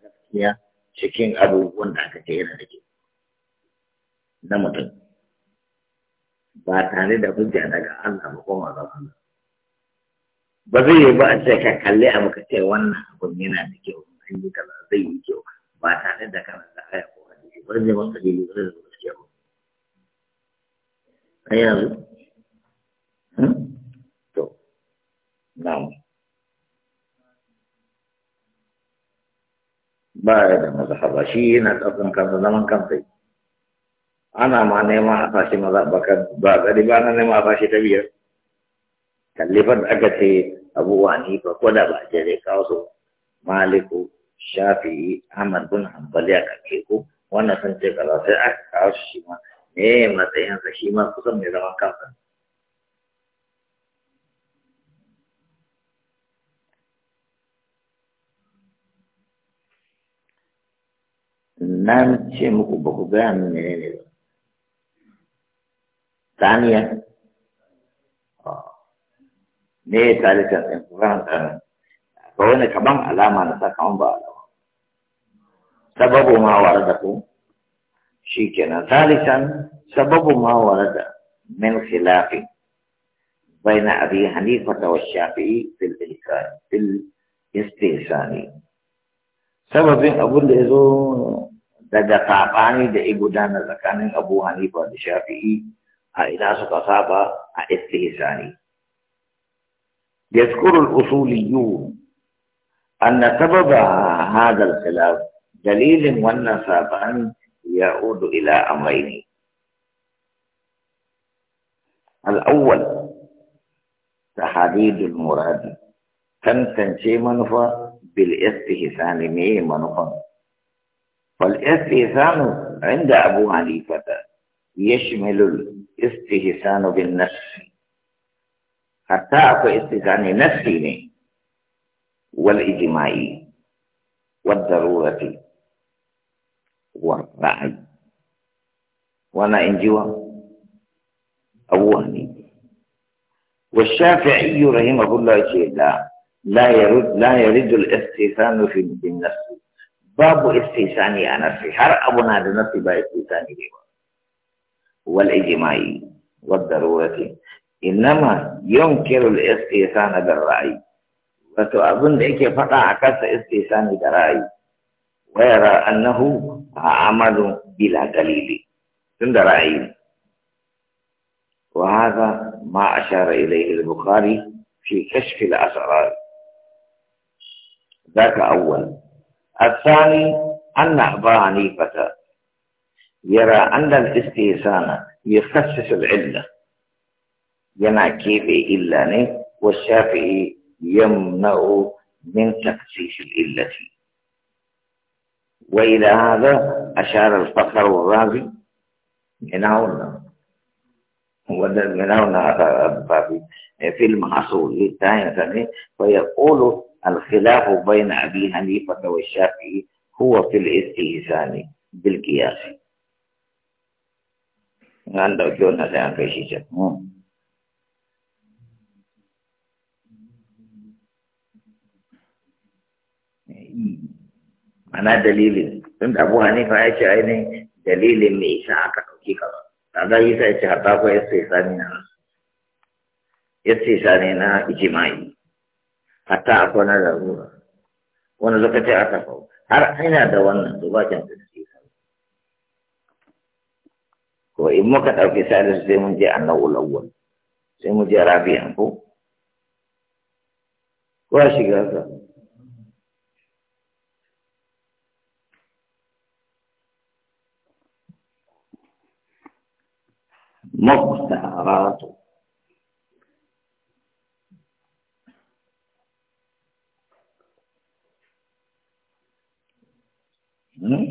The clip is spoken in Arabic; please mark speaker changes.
Speaker 1: gaskiya cikin abubuwan da aka ce yana da ke na mutum ba tare da hujja daga Allah ba ko mazan Allah
Speaker 2: ba zai yi ba a ce ka kalli a muka
Speaker 1: ce wannan abun yana da kyau an yi kaza zai yi kyau ba tare da kana da aya ko hadisi ba zai masa dalili ba zai yi gaskiya ba yanzu baya ya da mazhaba shi yana tsafin kansa zaman kansa ana ma neman a fashe maza ba gari ba na neman a fashe ta biyar kallifar da aka ce abubuwa ni ba ko da ba je zai kawo su maliku Shafi, ahmad bin hanbali a kake ko wannan sun ce kaza sai aka kawo shi ma me matsayinsa shi ma kusan mai zaman kansa من چه موقع به خودم ثانیه نه تاریخ این قرآن قرآن کبان علامه نسا کام با علامه سبب ما ورده کن شیکنه ثالثا سبب ما ورده من خلاف بين ابي حنيفه والشافعي في الاذكار في الاستهزاني سبب ابو الاذون daga saɓani da igudana tsakanin abu hanifa da shafi'i a ina suka saba a istihsani يذكر الأصوليون أن سبب هذا الخلاف دليل والنصابان يعود إلى أمرين الأول تحديد المراد تنتنشي منفى بالاستهسان مي منفى والاستهزان عند أبو حنيفة يشمل الاستهزان بالنفس حتى في استهزان نفسي والإجماعي والضرورة والرعي وأنا إنجوا أبو حنيفة والشافعي رحمه الله لا لا يرد لا يرد الاستهزان بالنفس باب استحسان يا نفسي هر نادر دنتي با استحسان دي والاجماعي والضرورة إنما ينكر الاستحسان بالرأي وتؤذن لك فقط عكس استحسان بالرأي ويرى أنه عمل بلا دليل ثم رأي وهذا ما أشار إليه البخاري في كشف الأسرار ذاك أول الثاني أن أبا حنيفة يرى أن الاستئذان يخصص العلة ينا كيف إلا نه والشافعي يمنع من تخصيص العلة وإلى هذا أشار الفخر هنا ومن هنا في المحصول الثاني فيقول الخلاف بين أبي حنيفة والشافعي هو في الاستهزان بالقياس قال يعني لو جونا سيان كيشي أنا دليل فهمت أبو حنيفة عايشة عيني دليل من إيساء كتوكيكا هذا إيساء إيساء تاكو إستهزاني نعم إستهزاني نعم إجماعي hatta a kwana da rura wani lokaci aka kawo har ina da wannan duba can da suke ko in muka ɗauki salis sai mun je annabu lawwal sai mun je rabiyan ko ko a shiga ka مقترات Right. Hmm?